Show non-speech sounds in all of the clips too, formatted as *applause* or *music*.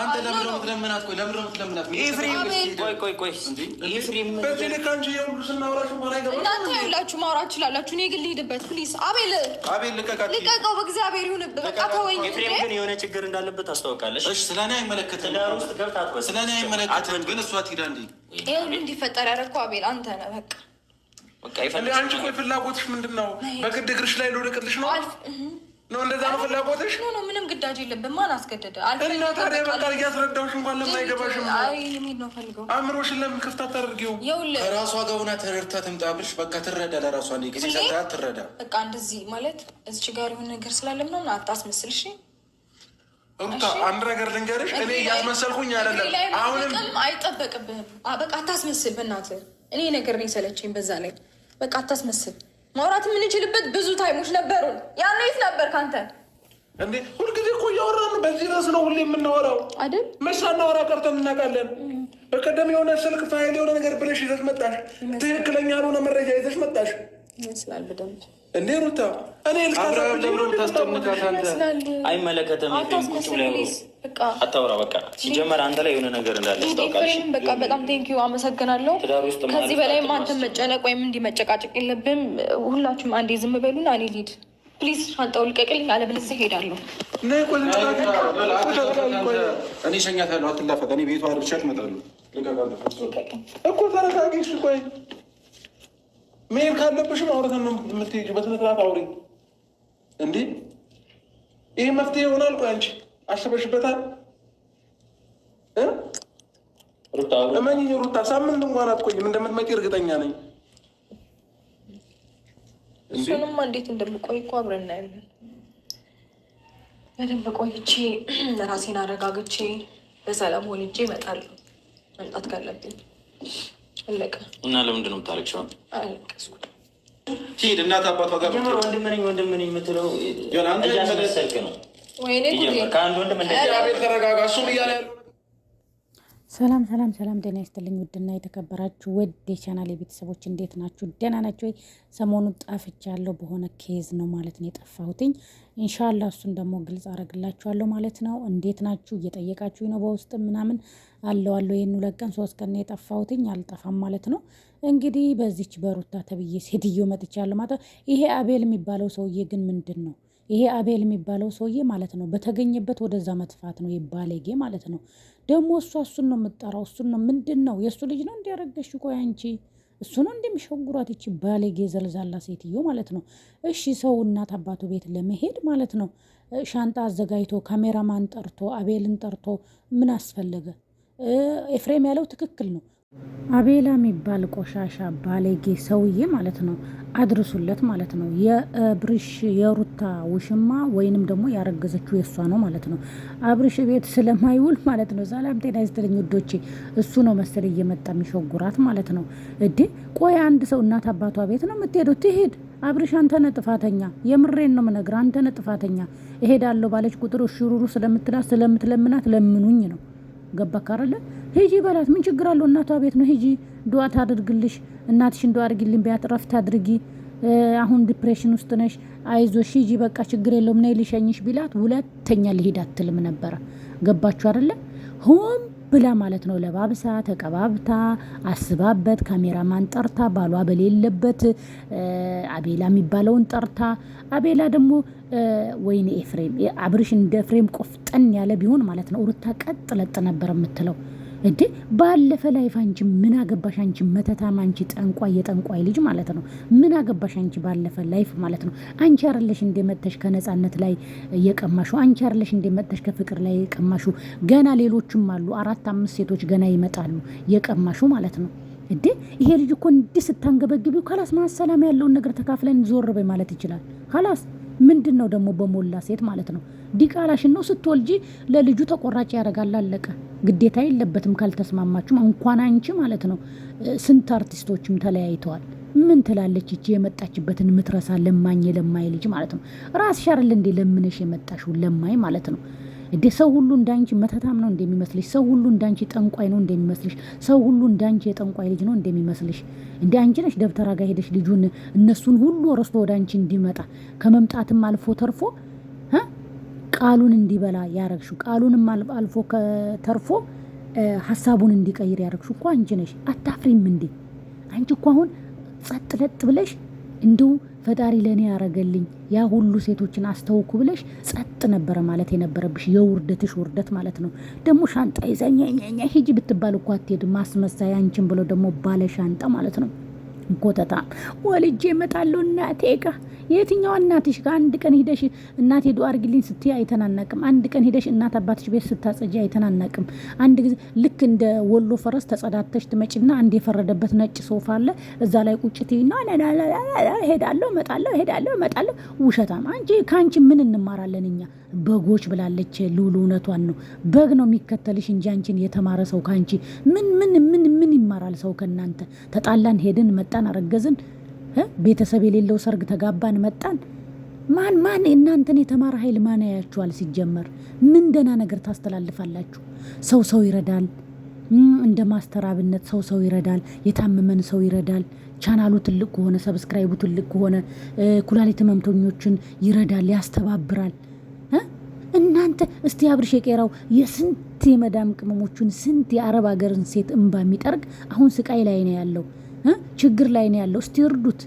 አንተ ለምን ነው የምትለምናት? ቆይ ለምን ነው የምትለምናት? ኤፍሬም ቆይ ቆይ ቆይ ኤፍሬም በዚህ ልክ አንቺ የሁሉ ስናወራችሁ ማራ ይገባል። እናንተ ያላችሁ ማውራት ትችላላችሁ። እኔ ግን ልሂድበት ፕሊስ። አቤል አቤል ልቀቃት፣ ልቀቀው በእግዚአብሔር ይሁን። በቃ ተወኝ። ኤፍሬም ግን የሆነ ችግር እንዳለበት አስታውቃለች። እሺ ስለ እኔ አይመለከትም፣ ስለ እኔ አይመለከትም። ግን እሷ ትሄዳ እንዴ? ይሄ ሁሉ እንዲፈጠር ያደረኩ አቤል አንተ ነህ በቃ በቃ። አንቺ ቆይ ፍላጎትሽ ምንድን ነው? በግድ እግርሽ ላይ ልውደቅልሽ ነው ነው እንደዛ ነው ፍላጎትሽ? ኖ ኖ ምንም ግዳጅ የለብን። ማን አስገደደ? እና ታዲያ በቃ እያስረዳሁሽ እንኳን ለምን አይገባሽም? ነው ፈልገው። አእምሮሽን ለምን ክፍት አታደርጊው? ከራሷ ጋር ጋውና ተረድታ ትምጣብሽ። በቃ ትረዳ፣ ለራሷ ነው ጊዜ ሰታ ትረዳ። በቃ እንደዚህ ማለት እዚች ጋር የሆነ ነገር ስላለ ምናምን አታስመስልሽ። ሩታ አንድ ነገር ልንገርሽ፣ እኔ እያስመሰልኩኝ አይደለም። አሁንም አይጠበቅብህም። በቃ አታስመስል፣ በእናትህ እኔ ነገር ነው የሰለቸኝ። በዛ ላይ በቃ አታስመስል ማውራት የምንችልበት ብዙ ታይሞች ነበሩን። ያን የት ነበር ካንተ እንዴ? ሁልጊዜ እኮ እያወራን በዚህ ረስ ነው ሁሌ የምናወራው አይደል? መሳ እናወራ ቀርተን እናውቃለን። በቀደም የሆነ ስልክ ፋይል የሆነ ነገር ብለሽ ይዘሽ መጣሽ። ትክክለኛ ያልሆነ መረጃ ይዘሽ መጣሽ። ይመስላል በደንብ እንዴ ሩታ እኔ አብርሃም ለምን ታስጠምታት? አንተ አይመለከትም። አታውራ። በቃ ሲጀመር አንተ ላይ የሆነ ነገር እንዳለ ኤፍሬም፣ በቃ በጣም ቴንኪዩ አመሰግናለሁ። ከዚህ በላይም አንተ መጨነቅ ወይም እንዲህ መጨቃጨቅ የለብም። ሁላችሁም አንዴ ዝም በሉና እኔ ልሂድ ፕሊዝ። ሻንጣው ልቀቅልኝ፣ አለበለዚያ እሄዳለሁ። እኔ እሸኛታለሁ። አትላፈት። እኔ ቤቷ አድርቻት እመጣለሁ። እኮ ተረጋጊ። ቆይ መሄድ ካለብሽም አውረተን ነው የምትሄጂው። በስነ አውሪ እንዴ። ይህ መፍትሄ ይሆናል። ቆይ አንቺ አስበሽበታል? እመኝኝ ሩታ፣ ሳምንት እንኳን አትቆይም። እንደምትመጪ እርግጠኛ ነኝ። እሱንም እንዴት እንደምቆይ እኮ አብረን እናያለን። በደንብ ቆይቼ *clears throat* ራሴን አረጋግቼ በሰላም ሆንጄ እመጣለሁ መምጣት ካለብኝ አለቀ። እና ለምንድን ነው የምታለቅሽው? ሂድ እናት አባቷ ጋር ወንድም ነኝ ወንድም ነኝ የምትለው ነው። ከአንድ ወንድም ተረጋጋ እሱም እያለ ያሉ ሰላም ሰላም ሰላም፣ ጤና ይስጥልኝ ውድና የተከበራችሁ ወድ የቻናል የቤተሰቦች እንዴት ናችሁ? ደህና ናችሁ ወይ? ሰሞኑን ጠፍቻለሁ በሆነ ኬዝ ነው ማለት ነው የጠፋሁትኝ። እንሻላ እሱን ደግሞ ግልጽ አረግላችኋለሁ ማለት ነው። እንዴት ናችሁ እየጠየቃችሁ ነው በውስጥ ምናምን አለው አለው ይህን ሁለት ቀን ሶስት ቀን የጠፋሁትኝ አልጠፋም ማለት ነው። እንግዲህ በዚች በሩታ ተብዬ ሴትዮ መጥቻለሁ ማለት ይሄ አቤል የሚባለው ሰውዬ ግን ምንድን ነው ይሄ አቤል የሚባለው ሰውዬ ማለት ነው በተገኘበት ወደዛ መጥፋት ነው የባለጌ ማለት ነው። ደግሞ እሷ እሱን ነው የምጠራው። እሱን ነው ምንድን ነው የእሱ ልጅ ነው እንዲያረገሽ ቆይ አንቺ እሱ ነው እንደሚሸጉራት ይቺ ባለጌ ዘልዛላ ሴትዮ ማለት ነው። እሺ ሰው እናት አባቱ ቤት ለመሄድ ማለት ነው ሻንጣ አዘጋጅቶ ካሜራማን ጠርቶ አቤልን ጠርቶ ምን አስፈለገ? ኤፍሬም ያለው ትክክል ነው። አቤላ የሚባል ቆሻሻ ባለጌ ሰውዬ ማለት ነው አድርሱለት ማለት ነው የብርሽ የሩ የሩታ ውሽማ ወይንም ደግሞ ያረገዘችው የእሷ ነው ማለት ነው። አብርሽ ቤት ስለማይውል ማለት ነው። ሰላም ጤና ይስጥልኝ ውዶቼ። እሱ ነው መሰል እየመጣ የሚሸጉራት ማለት ነው። እዴ ቆይ አንድ ሰው እናት አባቷ ቤት ነው የምትሄደው፣ ትሄድ አብርሽ አንተነ ጥፋተኛ፣ የምሬን ነው ምነግር፣ አንተነ ጥፋተኛ። እሄዳለሁ ባለች ቁጥር እሽሩሩ ስለምትላት ስለምትለምናት ለምኑኝ ነው ገባ ካረለ ሂጂ በላት። ምን ችግር አለው? እናቷ ቤት ነው ሂጂ፣ ድዋ ታድርግልሽ። እናትሽ ድዋ አድርጊልኝ ቢያት ረፍት አድርጊ አሁን ዲፕሬሽን ውስጥ ነሽ፣ አይዞሽ ሂጂ፣ በቃ ችግር የለውም ነይ ልሸኝሽ ቢላት ሁለተኛ ልሂድ አትልም ነበረ። ገባችሁ አይደለ? ሆም ብላ ማለት ነው ለባብሳ ተቀባብታ አስባበት ካሜራማን ጠርታ ባሏ በሌለበት አቤላ የሚባለውን ጠርታ አቤላ ደግሞ ወይኔ ኤፍሬም አብርሽ እንደ ኤፍሬም ቆፍጠን ያለ ቢሆን ማለት ነው ሩታ ቀጥ ለጥ ነበር የምትለው እንዴ ባለፈ ላይፍ አንቺ ምን አገባሽ? አንቺ መተታም፣ አንቺ ጠንቋይ፣ የጠንቋይ ልጅ ማለት ነው። ምን አገባሽ አንቺ ባለፈ ላይፍ ማለት ነው። አንቺ አረለሽ እንደመተሽ ከነጻነት ላይ የቀማሹ አንቺ አረለሽ እንደመተሽ ከፍቅር ላይ የቀማሹ ገና ሌሎችም አሉ። አራት አምስት ሴቶች ገና ይመጣሉ የቀማሹ ማለት ነው። እንዴ ይሄ ልጅ እኮ እንዲህ ስታንገበግቢው፣ ካላስ ማሰላም ያለውን ነገር ተካፍለን ዞር በይ ማለት ይችላል ካላስ ምንድን ነው ደግሞ በሞላ ሴት ማለት ነው። ዲቃላሽን ነው ስትወልጂ ለልጁ ተቆራጭ ያደርጋል። አለቀ። ግዴታ የለበትም ካልተስማማችሁም። እንኳን አንቺ ማለት ነው ስንት አርቲስቶችም ተለያይተዋል። ምን ትላለች እቺ የመጣችበትን ምትረሳ ለማኝ ለማይ ልጅ ማለት ነው። ራስሽ አይደል እንዴ ለምነሽ የመጣሽው ለማይ ማለት ነው። እንዴ ሰው ሁሉ እንዳንቺ መተታም ነው እንደሚመስልሽ? ሰው ሁሉ እንዳንቺ ጠንቋይ ነው እንደሚመስልሽ? ሰው ሁሉ እንዳንቺ የጠንቋይ ልጅ ነው እንደሚመስልሽ? እንዴ አንቺ ነሽ ደብተራ ጋር ሄደሽ ልጁን እነሱን ሁሉ ረስቶ ወደ አንቺ እንዲመጣ ከመምጣትም አልፎ ተርፎ ቃሉን እንዲበላ ያረግሹ ቃሉንም አልፎ ተርፎ ሀሳቡን እንዲቀይር ያረግሹ እኮ አንቺ ነሽ። አታፍሪም እንዴ? አንቺ እኮ አሁን ጸጥ ለጥ ብለሽ እንዲሁ ፈጣሪ ለእኔ ያረገልኝ ያ ሁሉ ሴቶችን አስተውኩ ብለሽ ውስጥ ነበረ ማለት የነበረብሽ የውርደትሽ ውርደት ማለት ነው። ደግሞ ሻንጣ ይዘኛ ሂጂ ብትባል እኮ አትሄድ ማስመሳያ አንቺን ብሎ ደግሞ ባለ ሻንጣ ማለት ነው። ጎተታ ወልጄ እመጣለሁ እናቴ ጋ የትኛዋ እናትሽ ጋር አንድ ቀን ሂደሽ እናቴ ዱአ አድርጊልኝ ስትይ አይተናነቅም። አንድ ቀን ሂደሽ እናት አባትሽ ቤት ስታጸጂ አይተናነቅም። አንድ ጊዜ ልክ እንደ ወሎ ፈረስ ተጸዳተሽ ትመጭና አንድ የፈረደበት ነጭ ሶፋ አለ እዛ ላይ ቁጭ ትይና ሄዳለሁ እመጣለሁ ሄዳለሁ እመጣለሁ። ውሸታም አንቺ ከአንቺ ምን እንማራለን እኛ በጎች ብላለች። ልውል እውነቷን ነው። በግ ነው የሚከተልሽ እንጂ አንቺን የተማረ ሰው ከአንቺ ምን ምን ምን ምን ይማራል ሰው ከእናንተ? ተጣላን፣ ሄድን፣ መጣን፣ አረገዝን፣ ቤተሰብ የሌለው ሰርግ ተጋባን፣ መጣን። ማን ማን እናንተን የተማረ ኃይል ማን ያያችኋል? ሲጀመር ምን ደህና ነገር ታስተላልፋላችሁ? ሰው ሰው ይረዳል። እንደ ማስተራብነት ሰው ሰው ይረዳል። የታመመን ሰው ይረዳል። ቻናሉ ትልቅ ከሆነ ሰብስክራይቡ ትልቅ ከሆነ ኩላሊት ህመምተኞችን ይረዳል፣ ያስተባብራል። እናንተ እስቲ አብርሽ የቄራው የስንት የመዳም ቅመሞቹን ስንት የአረብ ሀገርን ሴት እንባ የሚጠርግ አሁን ስቃይ ላይ ነው ያለው፣ ችግር ላይ ነው ያለው። እስቲ እርዱት፣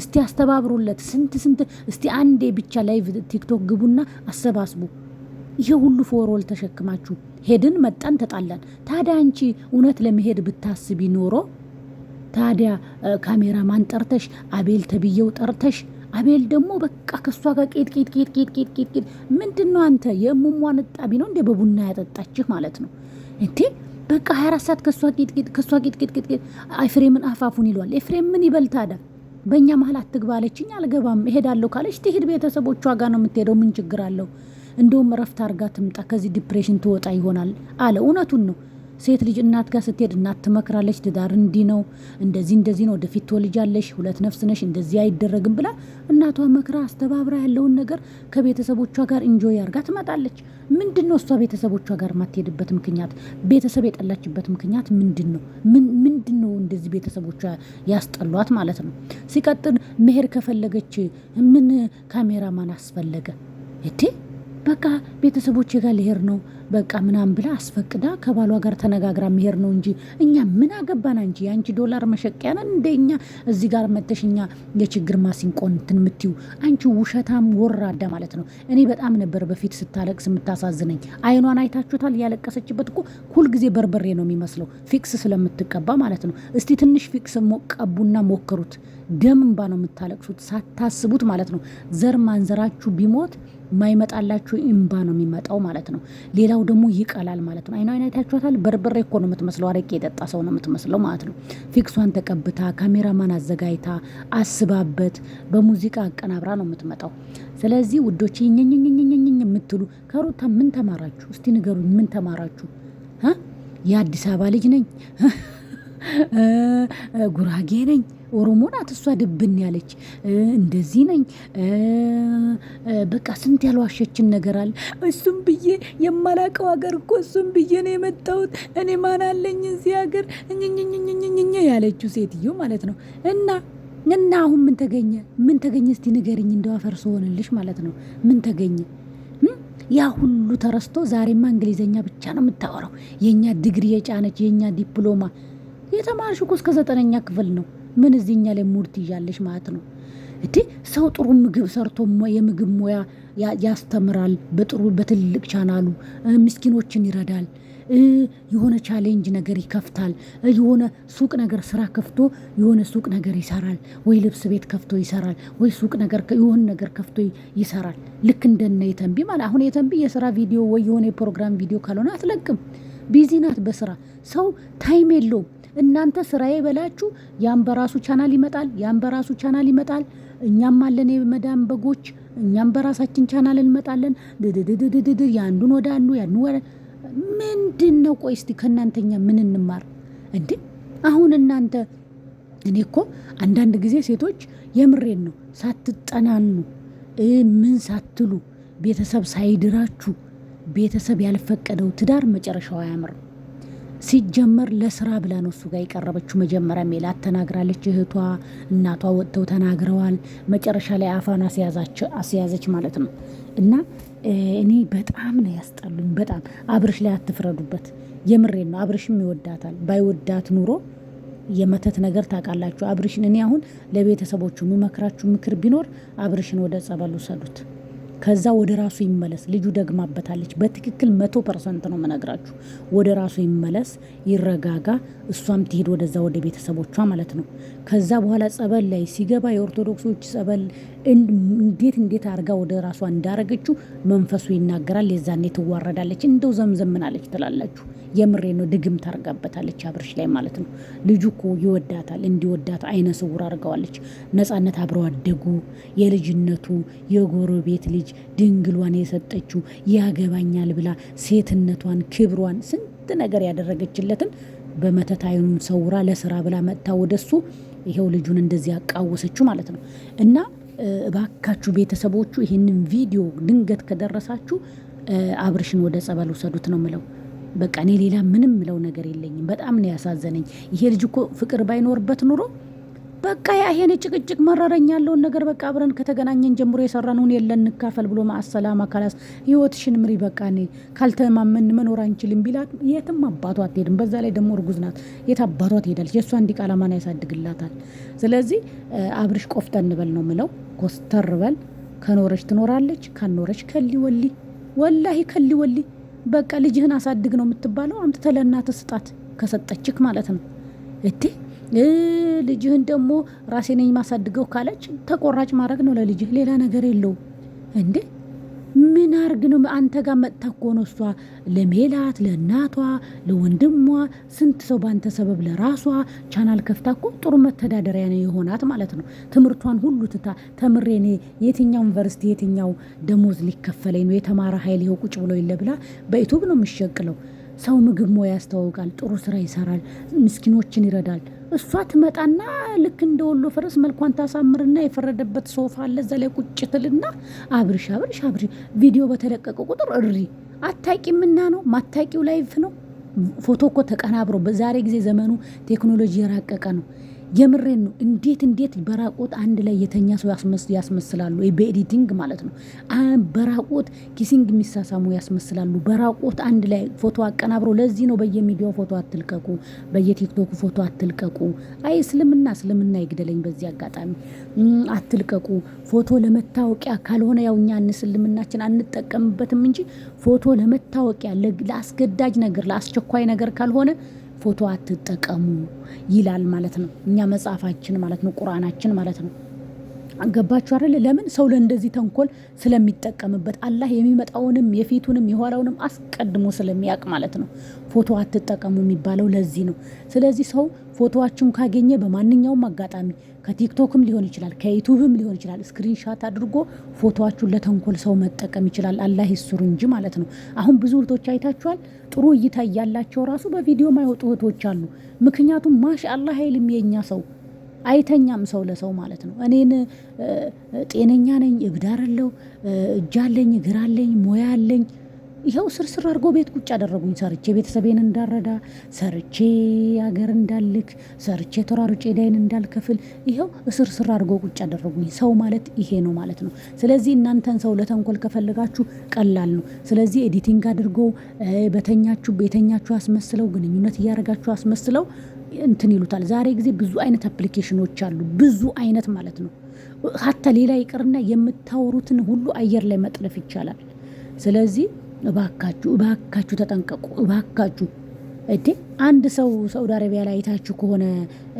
እስቲ አስተባብሩለት። ስንት ስንት እስቲ አንዴ ብቻ ላይ ቲክቶክ ግቡና አሰባስቡ። ይሄ ሁሉ ፎሮል ተሸክማችሁ ሄድን፣ መጣን፣ ተጣላን። ታዲያ አንቺ እውነት ለመሄድ ብታስቢ ኖሮ ታዲያ ካሜራ ማን ጠርተሽ አቤል ተብዬው ጠርተሽ አቤል ደግሞ በቃ ከእሷ ጋር ቄጥ ቄጥ ቄጥ ቄጥ ቄጥ ቄጥ ቄጥ ምንድን ነው አንተ የእሙሟን እጣቢ ነው እንዴ በቡና ያጠጣችህ ማለት ነው እንዴ? በቃ 24 ሰዓት ከእሷ ቄጥ ቄጥ ከእሷ ቄጥ ቄጥ ቄጥ ኤፍሬምን አፋፉን ይሏል። ኤፍሬም ምን ይበል በእኛ መሀል አትግባ አለችኝ፣ አልገባም እሄዳለሁ ካለች ትሄድ፣ ቤተሰቦቿ ጋር ነው የምትሄደው። ምን ችግር አለው? እንደውም እረፍት አርጋ ትምጣ፣ ከዚህ ዲፕሬሽን ትወጣ ይሆናል አለ። እውነቱን ነው። ሴት ልጅ እናት ጋር ስትሄድ እናት ትመክራለች። ትዳር እንዲህ ነው፣ እንደዚህ እንደዚህ ነው፣ ወደፊት ትወልጃለሽ፣ ሁለት ነፍስ ነሽ፣ እንደዚህ አይደረግም ብላ እናቷ መክራ አስተባብራ ያለውን ነገር ከቤተሰቦቿ ጋር እንጆይ አርጋ ትመጣለች። ምንድን ነው እሷ ቤተሰቦቿ ጋር ማትሄድበት ምክንያት? ቤተሰብ የጠላችበት ምክንያት ምንድን ነው? ምንድን ነው እንደዚህ ቤተሰቦቿ ያስጠሏት ማለት ነው? ሲቀጥል መሄድ ከፈለገች ምን ካሜራማን አስፈለገ እቴ በቃ ቤተሰቦቼ ጋር ልሄድ ነው በቃ ምናምን ብላ አስፈቅዳ ከባሏ ጋር ተነጋግራ መሄድ ነው እንጂ እኛ ምን አገባን? አንቺ የአንቺ ዶላር መሸቀያ ነን እንደ እኛ እዚህ ጋር መተሽ እኛ የችግር ማሲንቆን እንትን የምትዩ አንቺ ውሸታም ወራዳ ማለት ነው። እኔ በጣም ነበር በፊት ስታለቅስ የምታሳዝነኝ። አይኗን አይታችሁታል? ያለቀሰችበት እኮ ሁልጊዜ በርበሬ ነው የሚመስለው ፊክስ ስለምትቀባ ማለት ነው። እስቲ ትንሽ ፊክስ ቀቡና ሞክሩት። ደም እንባ ነው የምታለቅሱት ሳታስቡት ማለት ነው። ዘር ማንዘራችሁ ቢሞት የማይመጣላችሁ ኢምባ ነው የሚመጣው ማለት ነው። ሌላው ደግሞ ይቀላል ማለት ነው። አይኗ አይና አይታችኋታል። በርበሬ እኮ ነው የምትመስለው፣ አረቄ የጠጣ ሰው ነው የምትመስለው ማለት ነው። ፊክሷን ተቀብታ ካሜራማን አዘጋጅታ አስባበት በሙዚቃ አቀናብራ ነው የምትመጣው። ስለዚህ ውዶች ኝኝኝኝኝኝ የምትሉ ከሩታ ምን ተማራችሁ? እስቲ ንገሩኝ፣ ምን ተማራችሁ? የአዲስ አበባ ልጅ ነኝ፣ ጉራጌ ነኝ ኦሮሞ ናት እሷ ድብን ያለች እንደዚህ ነኝ በቃ ስንት ያልዋሸችን ነገር አለ። እሱም ብዬ የማላቀው ሀገር እኮ እሱም ብዬ ነው የመጣሁት እኔ ማን አለኝ እዚህ ሀገር እኝኝኝኝኝኝ ያለችው ሴትዮ ማለት ነው እና እና አሁን ምን ተገኘ? ምን ተገኘ? እስቲ ንገርኝ። እንደው አፈር ሆንልሽ ማለት ነው ምን ተገኘ? ያ ሁሉ ተረስቶ ዛሬማ እንግሊዘኛ ብቻ ነው የምታወራው። የእኛ ድግሪ የጫነች የእኛ ዲፕሎማ የተማርሽ እኮ እስከ ዘጠነኛ ክፍል ነው። ምን እዚህ ላይ ሙርት እያለሽ ማለት ነው እንዴ? ሰው ጥሩ ምግብ ሰርቶ የምግብ ሙያ ያስተምራል። በጥሩ በትልቅ ቻናሉ ምስኪኖችን ይረዳል። የሆነ ቻሌንጅ ነገር ይከፍታል። የሆነ ሱቅ ነገር ስራ ከፍቶ የሆነ ሱቅ ነገር ይሰራል፣ ወይ ልብስ ቤት ከፍቶ ይሰራል፣ ወይ ሱቅ ነገር የሆነ ነገር ከፍቶ ይሰራል። ልክ እንደነ የተንቢ ማለት አሁን የተንቢ የስራ ቪዲዮ ወይ የሆነ የፕሮግራም ቪዲዮ ካልሆነ አትለቅም። ቢዚ ናት በስራ ሰው ታይም የለውም። እናንተ ስራዬ በላችሁ። ያም በራሱ ቻናል ይመጣል፣ ያም በራሱ ቻናል ይመጣል። እኛም አለን የመዳን በጎች፣ እኛም በራሳችን ቻናል እንመጣለን። ድድድድድድድ የአንዱን ወደ አንዱ ያንዱ ወደ ምንድን ነው? ቆይ እስቲ ከእናንተኛ ምን እንማር እንዴ? አሁን እናንተ እኔ እኮ አንዳንድ ጊዜ ሴቶች የምሬን ነው ሳትጠናኑ ምን ሳትሉ ቤተሰብ ሳይድራችሁ ቤተሰብ ያልፈቀደው ትዳር መጨረሻው አያምርም። ሲጀመር ለስራ ብላ ነው እሱ ጋር የቀረበችው። መጀመሪያ ሜላት ተናግራለች፣ እህቷ እናቷ ወጥተው ተናግረዋል። መጨረሻ ላይ አፋን አስያዘች ማለት ነው። እና እኔ በጣም ነው ያስጠሉኝ። በጣም አብርሽ ላይ አትፍረዱበት። የምሬን ነው። አብርሽም ይወዳታል። ባይወዳት ኑሮ የመተት ነገር ታውቃላችሁ። አብርሽን እኔ አሁን ለቤተሰቦቹ የምመክራችሁ ምክር ቢኖር አብርሽን ወደ ጸበሉ ሰዱት። ከዛ ወደ ራሱ ይመለስ። ልጁ ደግማበታለች። በትክክል መቶ ፐርሰንት ነው የምነግራችሁ። ወደ ራሱ ይመለስ፣ ይረጋጋ። እሷም ትሄድ ወደዛ ወደ ቤተሰቦቿ ማለት ነው። ከዛ በኋላ ጸበል ላይ ሲገባ የኦርቶዶክሶች ጸበል እንዴት እንዴት አድርጋ ወደ ራሷ እንዳረገችው መንፈሱ ይናገራል። የዛኔ ትዋረዳለች። እንደው ዘምዘምናለች ትላላችሁ። የምሬ ነው። ድግም ታርጋበታለች አብርሽ ላይ ማለት ነው። ልጁ እኮ ይወዳታል። እንዲወዳት አይነ ስውር አድርገዋለች። ነጻነት አብረው አደጉ። የልጅነቱ የጎረቤት ልጅ ድንግሏን የሰጠችው ያገባኛል ብላ ሴትነቷን፣ ክብሯን፣ ስንት ነገር ያደረገችለትን በመተት አይኑን ሰውራ ለስራ ብላ መጥታ ወደሱ ይሄው ልጁን እንደዚህ አቃወሰችው ማለት ነው እና እባካችሁ ቤተሰቦቹ ይህንን ቪዲዮ ድንገት ከደረሳችሁ አብርሽን ወደ ጸበል ውሰዱት ነው ምለው። በቃ እኔ ሌላ ምንም ምለው ነገር የለኝም። በጣም ነው ያሳዘነኝ። ይሄ ልጅ እኮ ፍቅር ባይኖርበት ኑሮ በቃ ያሄን ጭቅጭቅ መረረኝ ያለውን ነገር በቃ አብረን ከተገናኘን ጀምሮ የሰራነውን የለን እንካፈል ብሎ ማሰላም አካላስ ህይወትሽን ምሪ በቃ እኔ ካልተማመን መኖር አንችልም ቢላት የትም አባቷ አትሄድም። በዛ ላይ ደግሞ እርጉዝ ናት። የት አባቷ ትሄዳለች? የእሷ እንዲቃላማን ያሳድግላታል። ስለዚህ አብርሽ ቆፍጠን በል ነው ምለው። ኮስተር በል። ከኖረች ትኖራለች፣ ካኖረች ከሊ ወሊ። ወላሂ ከሊ ወሊ። በቃ ልጅህን አሳድግ ነው የምትባለው። አምጥተህ ለእናትህ ስጣት፣ ከሰጠችክ ማለት ነው። እቲ ልጅህን ደግሞ ራሴ ነኝ ማሳድገው ካለች ተቆራጭ ማድረግ ነው ለልጅህ፣ ሌላ ነገር የለውም እንዴ ምን አርግ ነው አንተ ጋር መጥታ እኮ ነው እሷ ለሜላት ለእናቷ ለወንድሟ ስንት ሰው በአንተ ሰበብ ለራሷ ቻናል ከፍታ እኮ ጥሩ መተዳደሪያ ነው የሆናት ማለት ነው። ትምህርቷን ሁሉ ትታ ተምሬ እኔ የትኛው ዩኒቨርሲቲ የትኛው ደሞዝ ሊከፈለኝ ነው የተማረ ሀይል ይኸው ቁጭ ብሎ ይለብላ በዩቱብ ነው የሚሸቅለው። ሰው ምግብ ሞ ያስተዋውቃል፣ ጥሩ ስራ ይሰራል፣ ምስኪኖችን ይረዳል። እሷ ትመጣና ልክ እንደ ወሎ ፈረስ መልኳን ታሳምርና የፈረደበት ሶፋ አለ እዛ ላይ ቁጭ ትልና አብርሽ አብርሽ አብርሽ ቪዲዮ በተለቀቀ ቁጥር እሪ አታቂ ምና ነው ማታቂው ላይፍ ነው ፎቶ እኮ ተቀናብሮ በዛሬ ጊዜ ዘመኑ ቴክኖሎጂ የራቀቀ ነው። የምሬን ነው። እንዴት እንዴት በራቆት አንድ ላይ የተኛ ሰው ያስመስላሉ፣ በኤዲቲንግ ማለት ነው። በራቆት ኪሲንግ የሚሳሳሙ ያስመስላሉ። በራቆት አንድ ላይ ፎቶ አቀናብሮ። ለዚህ ነው በየሚዲያው ፎቶ አትልቀቁ፣ በየቲክቶክ ፎቶ አትልቀቁ። አይ እስልምና እስልምና ይግደለኝ በዚህ አጋጣሚ አትልቀቁ። ፎቶ ለመታወቂያ ካልሆነ ያው እኛ እስልምናችን አንጠቀምበትም እንጂ ፎቶ ለመታወቂያ ለአስገዳጅ ነገር ለአስቸኳይ ነገር ካልሆነ ፎቶ አትጠቀሙ ይላል ማለት ነው። እኛ መጽሐፋችን ማለት ነው ቁርአናችን ማለት ነው። ገባችሁ አይደል? ለምን ሰው ለእንደዚህ ተንኮል ስለሚጠቀምበት አላህ የሚመጣውንም የፊቱንም የኋላውንም አስቀድሞ ስለሚያውቅ ማለት ነው። ፎቶ አትጠቀሙ የሚባለው ለዚህ ነው። ስለዚህ ሰው ፎቶዋችሁን ካገኘ በማንኛውም አጋጣሚ ከቲክቶክም ሊሆን ይችላል፣ ከዩቱብም ሊሆን ይችላል፣ ስክሪንሻት አድርጎ ፎቶዋችሁን ለተንኮል ሰው መጠቀም ይችላል። አላህ ይሱር እንጂ ማለት ነው። አሁን ብዙ እህቶች አይታችኋል፣ ጥሩ እይታ እያላቸው ራሱ በቪዲዮ ማይወጡ እህቶች አሉ። ምክንያቱም ማሻ አላህ አይልም የእኛ ሰው አይተኛም ሰው ለሰው ማለት ነው። እኔን ጤነኛ ነኝ እብድ አይደለሁ እጅ አለኝ እግር አለኝ አለኝ ይኸው ስርስር አድርጎ ቤት ቁጭ አደረጉኝ። ሰርቼ ቤተሰቤን እንዳረዳ፣ ሰርቼ ሀገር እንዳልክ፣ ሰርቼ ተሯሩጬ ዕዳዬን እንዳልከፍል ይኸው እስርስር አድርጎ ቁጭ አደረጉኝ። ሰው ማለት ይሄ ነው ማለት ነው። ስለዚህ እናንተን ሰው ለተንኮል ከፈለጋችሁ ቀላል ነው። ስለዚህ ኤዲቲንግ አድርጎ በተኛችሁ ቤተኛችሁ አስመስለው ግንኙነት እያደረጋችሁ አስመስለው እንትን ይሉታል። ዛሬ ጊዜ ብዙ አይነት አፕሊኬሽኖች አሉ፣ ብዙ አይነት ማለት ነው። ሀታ ሌላ ይቅርና የምታወሩትን ሁሉ አየር ላይ መጥለፍ ይቻላል። ስለዚህ እባካችሁ እባካችሁ ተጠንቀቁ፣ እባካችሁ እዴ አንድ ሰው ሳውዲ አረቢያ ላይ አይታችሁ ከሆነ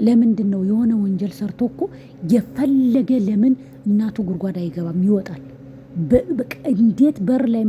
ለምንድን ነው የሆነ ወንጀል ሰርቶ እኮ የፈለገ ለምን እናቱ ጉድጓድ አይገባም? ይወጣል። እንዴት በር ላይ